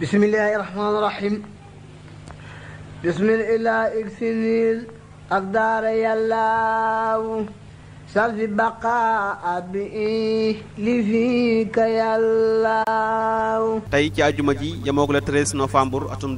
بسم الله الرحمن الرحيم بسم الله اكسني الأقدار يلاو sal fi baqaa bi li fii ka yàllaaw tey ci àjjuma ji yemoog le 13 novembre atum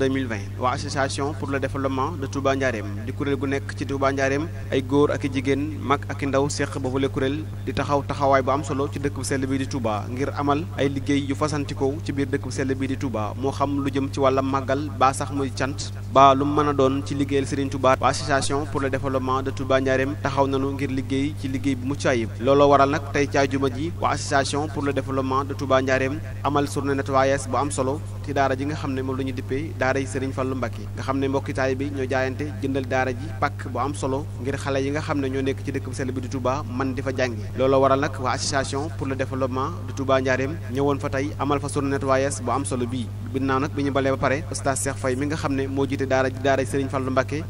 waa association pour le développement de Touba Ndiarème di kuréel gu nekk ci Touba Ndiarème ay góor ak i jigéen mag ak i ndaw séq ba fule kuréel di taxaw taxawaay bu am solo ci dëkk bu sell bii di tubaa ngir amal ay liggéey yu fasantikoo ci biir dëkk bu sell bii di Touba moo xam lu jëm ci wàllam màggal baa sax muy cant baa lu mën a doon ci liggéeyal Serigne Touba waa association pour le développement de Touba Ndiarème taxaw nanu ngir liggéey ci liggéey liggéey bu looloo waral nag tey ci àjjuma ji waa association pour le développement de Touba Njaareem amal journée nettoyage bu am solo ci daara ji nga xam ne moom la ñu dippee daara yi Serigne Fallou Mbacké nga xam ne mbokki taalibe bi ñoo jaayante jëndal daara ji pàkk bu am solo ngir xale yi nga xam ne ñoo nekk ci dëkk bu sell bi di Touba man di fa jàngi loolu waral nag waa association pour le développement de Touba Ndiarème ñëwoon fa tey amal fa sunu nettoyage bu am solo bii ginnaaw nag bi ñu balee ba pare oustaz Cheikh Faye mi nga xam ne moo jiite daara ji daara yi Serigne Fallou Mbacké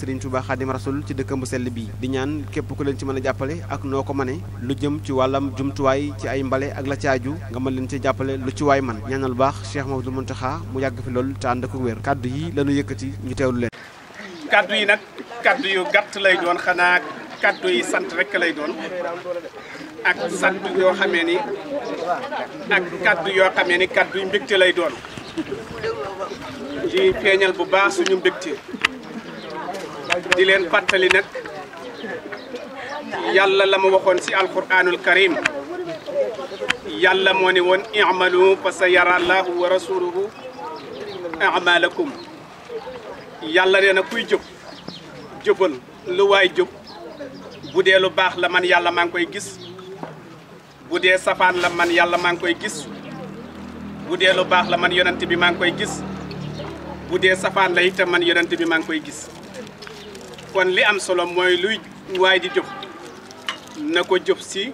daat xaadim rasul ci dëkkam bu sell bi di ñaan képp ku leen ci mën a jàppale ak noo ko mëne lu jëm ci wàllam jumtuwaay ci ay mbale ak la caaju nga mën leen ci jàppale lu ci waay man ñaanal bu baax Cheikh Mouhamadoul Mountakha mu yàgg fi loolu te ànd ak wér kàddu yi lañu yëkkati ñu teewlu leen kàddu yi nag kàddu yi gàtt lay doon xanaa kàddu yi sant rek lay doon ak sant yoo xamee ni ak kàddu yoo xamee ni kàddu yu mbégte lay doon di feeñal bu baax suñu mbégte di leen fàttali nag yàlla la ma waxoon si alquranul karim yàlla moo ne woon i'malu fa sa yara allahu wa a amalakum yàlla nee na kuy jub jubal lu waay jub bu dee lu baax la man yàlla maa ngi koy gis bu dee safaan la man yàlla maa ngi koy gis bu dee lu baax la man yonent bi maa ngi koy gis bu dee safaan la itam man yonent bi maa ngi koy gis kon li am solo mooy luy waay di jëf na ko jëf si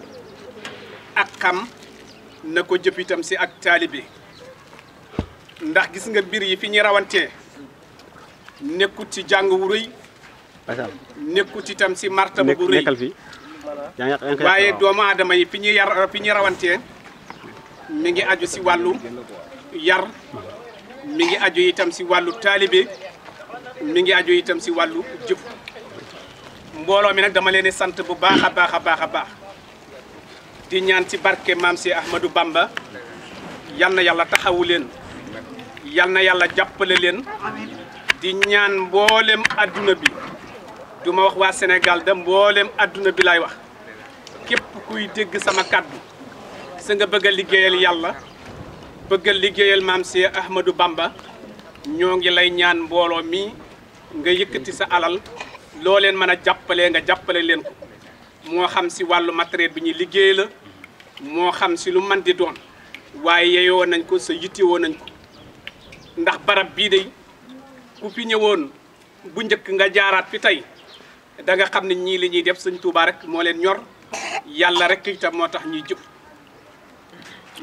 ak xam na ko jëf itam si ak ndax gis nga mbir yi fi ñu rawantee nekkut ci jàng wu rëy nekkut itam si martaba bu waaye doomu aadama yi fi ñu yar rawantee mi ngi aju ci wàllu yar mi ngi aju itam ci wàllu taalibe mi ngi aju itam ci wàllu jëf mbooloo mi nag dama leen di sant bu baax a baax a baax a baax di ñaan ci barke maam si Ahmadou Bamba yal na yàlla taxawu leen yal na yàlla jàppale leen di ñaan mboolem àdduna bi du ma wax waa Sénégal da mbooleem àdduna bi laay wax képp kuy dégg sama kàddu sa nga bëgg liggéeyal yàlla bëgg liggéeyal maam si Ahmadou Bamba ñoo ngi lay ñaan mbooloo mi nga yëkkati sa alal loo leen mën a jàppale nga jàppale leen ko moo xam si wàllu matériel bi ñuy liggéey la moo xam si lu man di doon waaye yeyoo nañ ko sa yittewoo nañ ko ndax barab bii de ku fi ñëwoon bu njëkk nga jaaraat fi tey danga xam ne ñii li ñuy def sëñ Tuubaa rek moo leen ñor yàlla rek itam moo tax ñuy jub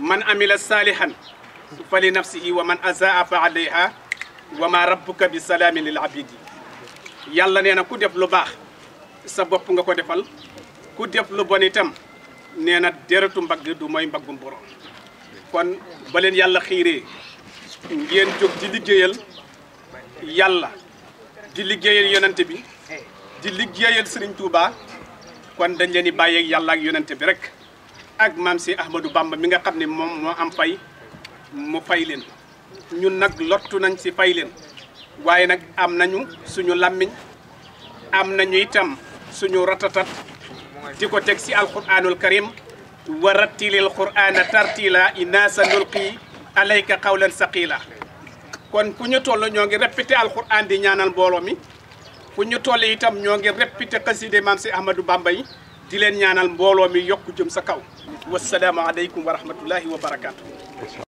man amila saalihan fa li nafsihi wa man azaa fa alayha wa ma rabbuka bi salaamin lil abidi yàlla nee na ku def lu baax sa bopp nga ko defal ku def lu bon itam nee na deretu mbagg du mooy mbaggum borom kon ba leen yàlla xiiree ngeen jóg di liggéeyal yàlla di liggéeyal yonente bi di liggéeyal Sëriñ Tuuba kon dañ leen di bàyyeeg yàlla ak yonente bi rek ak maam si Ahmadou Bamba mi nga xam ne moom moo am fay mu fay leen ñun nag lottu nañ si fay leen waaye nag am nañu suñu làmmiñ am nañu itam suñu ratatat di ko teg ci alquranul karim wa rattilil qur'ana tartila inaasa nulqi alayka qawlan saqila kon fu ñu toll ñoo ngi répété alquran di ñaanal mbooloo mi fu ñu toll itam ñoo ngi répété xaside maam si ahmadou bamba yi di leen ñaanal mbooloo mi yokku jëm sa kaw wasalaamu aleykum wa rahmatullahi wa barakatu